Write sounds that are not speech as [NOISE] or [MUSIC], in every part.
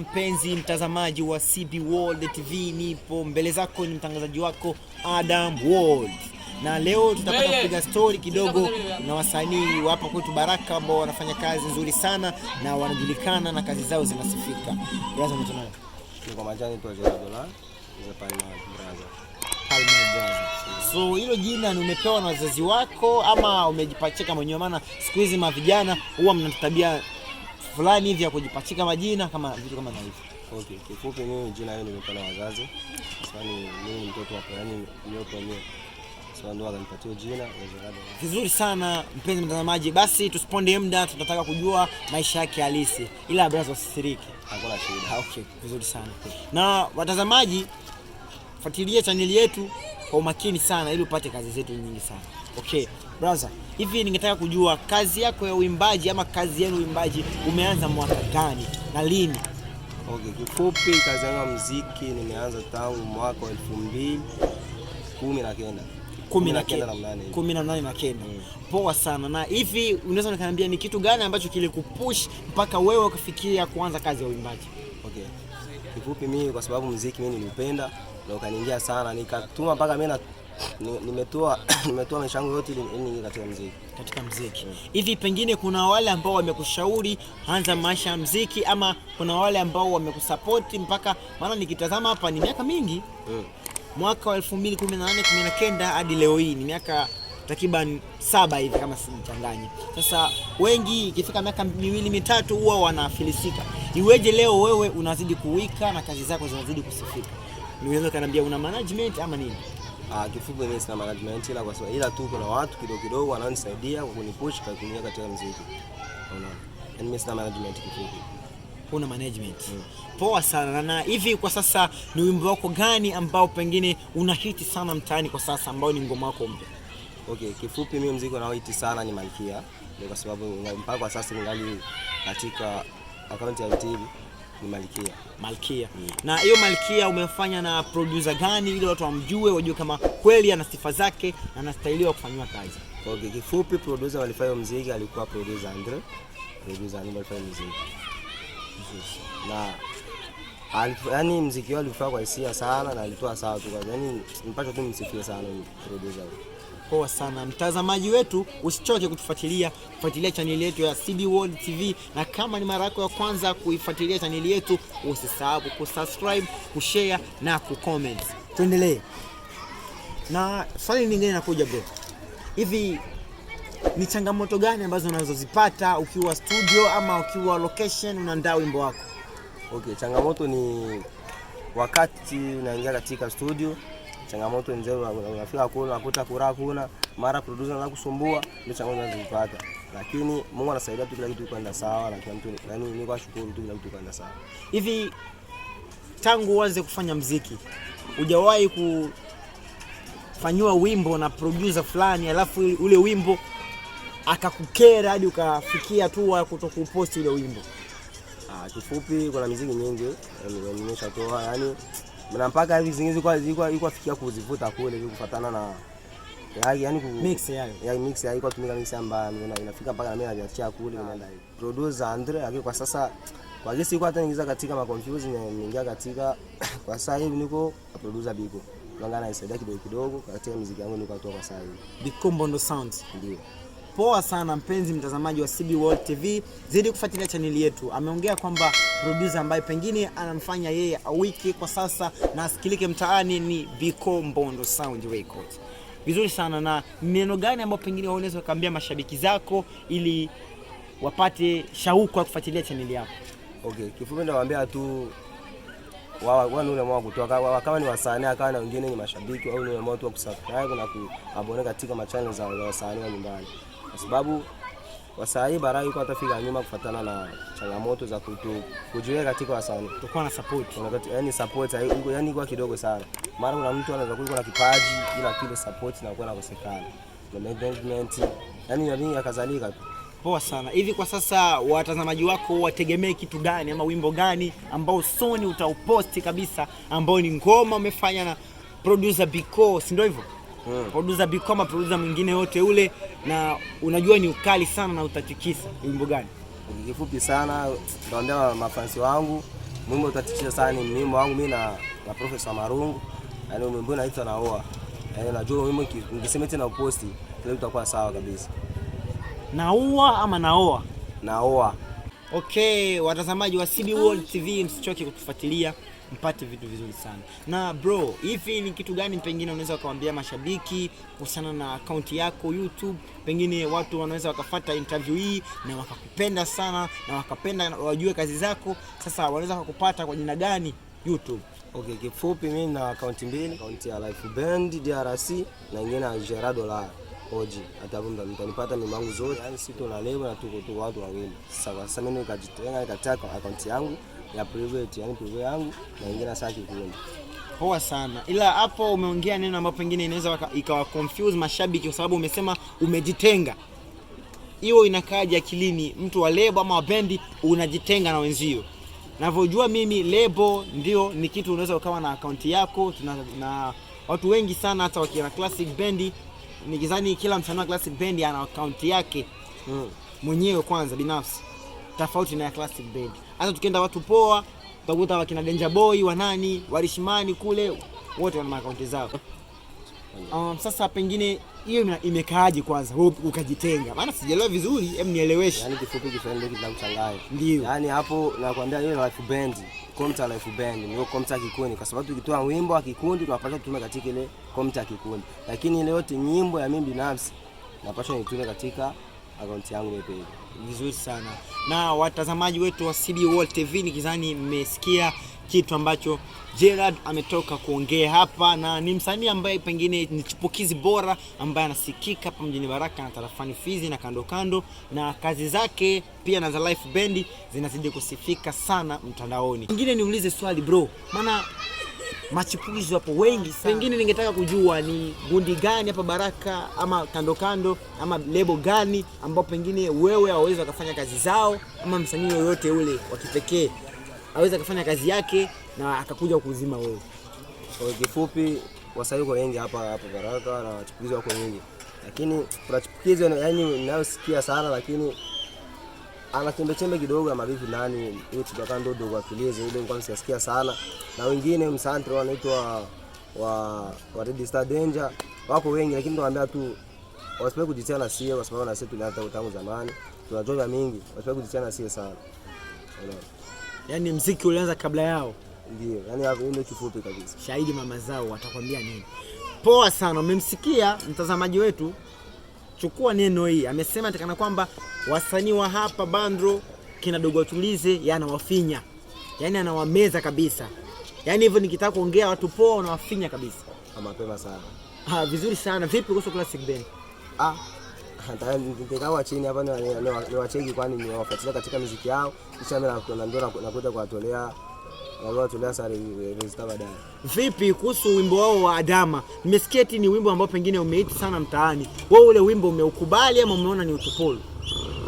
mpenzi mtazamaji wa CB World TV, nipo mbele zako, ni mtangazaji wako Adam World, na leo tutapata kupiga story kidogo na wasanii wa hapa kwetu Baraka ambao wanafanya kazi nzuri sana na wanajulikana na kazi zao zinasifika. kwa majani tu dola za Palma Palma So hilo jina ni umepewa na wazazi wako ama umejipachika mwenyewe? Maana siku hizi mavijana huwa mnatabia fulani hivi ya kujipachika majina kama vitu kama na hivyo. Okay, kifupi mimi jina yangu nimepewa na wazazi. Sasa yaani ni mimi mtoto wa yani nyopo mwenyewe. Sasa ndo akanipatia jina vizuri sana mpenzi mtazamaji, basi tusiponde muda, tunataka kujua maisha yake halisi, ila brazo sisiriki. Hakuna shida. Ah, okay, vizuri sana na watazamaji, fuatilia chaneli yetu kwa umakini sana ili upate kazi zetu nyingi sana. Okay, brother. Hivi ningetaka kujua kazi yako ya uimbaji ama kazi yenu uimbaji umeanza mwaka gani na lini? Okay, kifupi kazi yangu ya muziki nimeanza tangu mwaka wa elfu mbili kumi na kenda kumi na nane na kenda. Mm. Poa sana. Na hivi unaweza nikaniambia ni kitu gani ambacho kilikupush mpaka wewe ukafikia kuanza kazi ya uimbaji? Okay. Kifupi mimi kwa sababu muziki mimi nilipenda na ukaniingia sana nikatuma mpaka mimi na nimetoa [CLEARS THROAT] nimetoa maisha yangu yote ni katika muziki, katika muziki hivi. Pengine kuna wale ambao wamekushauri anza maisha ya muziki, ama kuna wale ambao wamekusapoti mpaka, maana nikitazama hapa ni miaka mingi mm. mwaka wa 2018 19 hadi leo hii ni miaka takriban saba hivi kama sinichanganye. Sasa wengi ikifika miaka miwili mitatu huwa wanafilisika, iweje leo wewe unazidi kuwika na kazi zako zinazidi kusifika? Niweza kanambia una management ama nini? Uh, kifupi mimi sina management ila kwa sababu ila tu kuna watu kidogo kidogo wanaonisaidia kwa kunipush kwa kunia katika muziki. Unaona? And yaani mimi sina management kifupi. Huna management. Mm. Poa sana. Na hivi kwa sasa ni wimbo wako gani ambao pengine una sana mtaani kwa sasa ambao ni ngoma yako mpya? Okay, kifupi mimi muziki unaohiti sana ni Malkia. Ndio kwa sababu mpaka kwa sasa ningali katika akaunti ya TV ni Malkia. Malkia. Mm. Na hiyo Malkia umefanya na producer gani ili watu wamjue, wajue kama kweli ana sifa zake na anastahiliwa kufanywa kazi? Kwa kifupi, producer walifanya mziki alikuwa producer Andre. Producer Andre alifanya muziki. Na yani mziki wao alifanya kwa hisia sana na alitoa sawa tu. Yaani mpaka tu msifie sana producer poa sana mtazamaji wetu, usichoke kutufuatilia, kufuatilia chaneli yetu ya CB World TV, na kama ni mara yako ya kwanza kuifuatilia chaneli yetu, usisahau kusubscribe, kushare na kucomment. Tuendelee na swali lingine nakuja bro, hivi ni changamoto gani ambazo unazozipata ukiwa studio ama ukiwa location unaandaa wimbo wako? Okay, changamoto ni wakati unaingia katika studio changamoto nzuri, unafika kuna unakuta kura kuna mara producer anaanza kusumbua, ndio changamoto zinazopata, lakini Mungu anasaidia tu, kila kitu kwenda sawa na kila mtu yani, ni kwa shukuru tu, kila kitu kwenda sawa. Hivi tangu uanze kufanya mziki hujawahi kufanyiwa wimbo na producer fulani, alafu ule wimbo akakukera hadi ukafikia tu wa kutokuposti ule wimbo? Ah, kifupi kuna miziki mingi eh, nimeshatoa yani na mpaka hivi zingine zilikuwa zilikuwa fikia kuzivuta kule hivi kufuatana na yaani yani ku mix yale ya mix ya iko tumika mix ambayo inafika mpaka mimi naviachia kule ah. inaenda hivi producer Andre, lakini kwa sasa kwa gesi iko hata niingiza katika ma confusion na nimeingia katika [COUGHS] kwa sasa hivi niko producer Biko, ngana isaidia kidogo kidogo katika muziki wangu niko atoa kwa sasa hivi Biko Mbondo Sound ndio Poa sana mpenzi mtazamaji wa CB World TV, zidi kufuatilia chaneli yetu. Ameongea kwamba producer ambaye pengine anamfanya yeye awiki kwa sasa na asikilike mtaani ni Biko Mbondo Sound Records. Vizuri sana. Na neno gani ambayo pengine unaweza ukaambia mashabiki zako ili wapate shauku ya kufuatilia chaneli yako? Okay, kifupi nawaambia tu kutoka kama ni wasanii akawa na wengine ni mashabiki au ni watu wa kusubscribe na kuabone katika machannel za wasanii wa nyumbani kwa sababu kwa saa hii Bara yuko atafika nyuma kufuatana na changamoto za kutu, kujiweka katika wasanii. Tutakuwa na support. yani support yuko yani kwa kidogo sana. Mara kuna mtu anaweza kuwa na kipaji ila kile support na kuwa nakosekana. Na management yani ya nini akazalika tu. Poa sana. Hivi kwa sasa watazamaji wako wategemee kitu gani ama wimbo gani ambao Soni utauposti kabisa ambao ni ngoma umefanya na producer Biko, si ndio hivyo? hmm. Producer Bikoma, producer mwingine yote ule, na unajua ni ukali sana na utatikisa wimbo gani? Kifupi sana ndaondea mafansi wangu mwimbo utatikisha sana, ni mwimbo wangu mimi na na Profesa Marungu, yaani mwimbo unaitwa Naoa. Yaani najua mwimbo ningesema tena uposti kile utakuwa sawa kabisa. Naoa ama Naoa? Naoa. Okay, watazamaji wa CB World TV msichoke kutufuatilia mpate vitu vizuri sana. Na bro, hivi ni kitu gani pengine unaweza ukawaambia mashabiki kuhusiana na akaunti yako YouTube? Pengine watu wanaweza wakafata interview hii na wakakupenda sana na wakapenda wajue kazi zako, sasa wanaweza wakakupata kwa jina gani YouTube? Okay, kifupi mimi na akaunti mbili, akaunti ya Life Band DRC na nyingine ya Gerardo la Oji. Hata mtanipata mimi mangu zote, yani si tuna level na tuko tu watu wawili. Sasa sasa mimi nikajitenga nikataka akaunti yangu ya private, yani private yangu na nyingine saki kikundi. Poa sana. Ila hapo umeongea neno ambapo pengine inaweza ikawa confuse mashabiki kwa sababu umesema umejitenga. Hiyo inakaja akilini, mtu wa lebo ama wa bendi unajitenga na wenzio. Navyojua mimi lebo ndio ni kitu unaweza ukawa na akaunti yako na, na watu wengi sana hata wakiwa classic bendi nikizani kila msanii wa classic bendi ana akaunti yake mm, mwenyewe kwanza binafsi tofauti na ya classic band. Hata tukienda watu poa, utakuta wakina Danger Boy wa nani warishimani kule wote wana account zao. Um, sasa pengine hiyo imekaaje kwanza wewe ukajitenga? Maana sijaelewa vizuri, em nieleweshe. Yaani kifupi kifupi ndio kinakuchanganya. Ndio. Yaani hapo nakwambia hiyo life band, komta life band, ni komta kikundi kwa sababu tukitoa wimbo wa kikundi tunapata kutuma katika ile komta kikundi. Lakini ile yote nyimbo ya mimi binafsi napaswa nitume katika akaunti yangu nyepesi. Vizuri sana na watazamaji wetu wa CB World TV, nikizani mmesikia kitu ambacho Gerald ametoka kuongea hapa, na ni msanii ambaye pengine ni chipukizi bora ambaye anasikika hapa mjini Baraka na tarafani Fizi na kando kando, na kazi zake pia na za live Band zinazidi kusifika sana mtandaoni. Ingine niulize swali bro, maana machipukizo wapo wengi sana. Pengine ningetaka kujua ni gundi gani hapa Baraka ama kando kando ama lebo gani ambao pengine wewe waweza kufanya kazi zao ama msanii yoyote ule wa kipekee aweza akafanya kazi yake na akakuja kuzima wewe. Kwa kifupi, wasanii wako wengi hapa hapa Baraka na wachipukizo wako wengi, lakini kuna chipukizi yani ninayosikia sana lakini ana chembe chembe kidogo ya mabibi nani hiyo tutakaa ndo dogo afilize ile ngoma siasikia sana, na wengine msantre wanaitwa wa wa Red Star Danger wako wengi, lakini tunawaambia tu wasipe kujitia na sie, kwa sababu na sie tulianza tangu zamani, tunajua mingi, wasipe kujitia na sie sana. yani mziki ulianza kabla yao. Ndio, yani hapo ndio kifupi kabisa. Shahidi mama zao watakwambia nini? Poa sana, umemsikia mtazamaji wetu chukua neno hii, amesema takana kwamba wasanii wa hapa Bandro kina dogo watulize, yanawafinya yani anawameza kabisa, yani hivyo nikitaka kuongea watu poa unawafinya kabisa. Ah, mapema sana. Ha, ah, vizuri sana. Vipi kuhusu Classic Band? Ah, nitakaa chini hapa niwacheki, kwani niwafuatilia katika muziki yao, kisha mimi nakuja kuwatolea Vipi kuhusu wimbo wao wa Adama? Nimesikia ni wimbo ambao pengine umeiti sana mtaani. Wewe ule wimbo umeukubali ama umeona ni utupulu?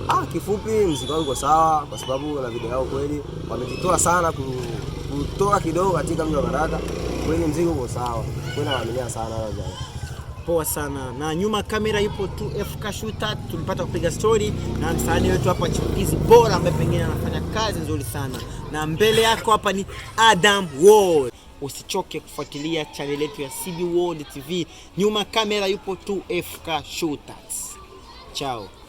Ah, kifupi mziki wangu sawa, kwa sababu na video yao kweli wamejitoa sana kutoa kidogo katika mji wa Baraka. Kweli mziki uko sawa, kweli sana wao. Poa sana na nyuma kamera ipo tu FK Kashuta, tulipata kupiga story na msanii wetu hapa chipukizi bora ambaye pengine anafanya kazi nzuri sana na mbele yako hapa ni Adam World. Usichoke kufuatilia channel yetu ya CB World TV, nyuma kamera yupo 2FK Shooters. Chao.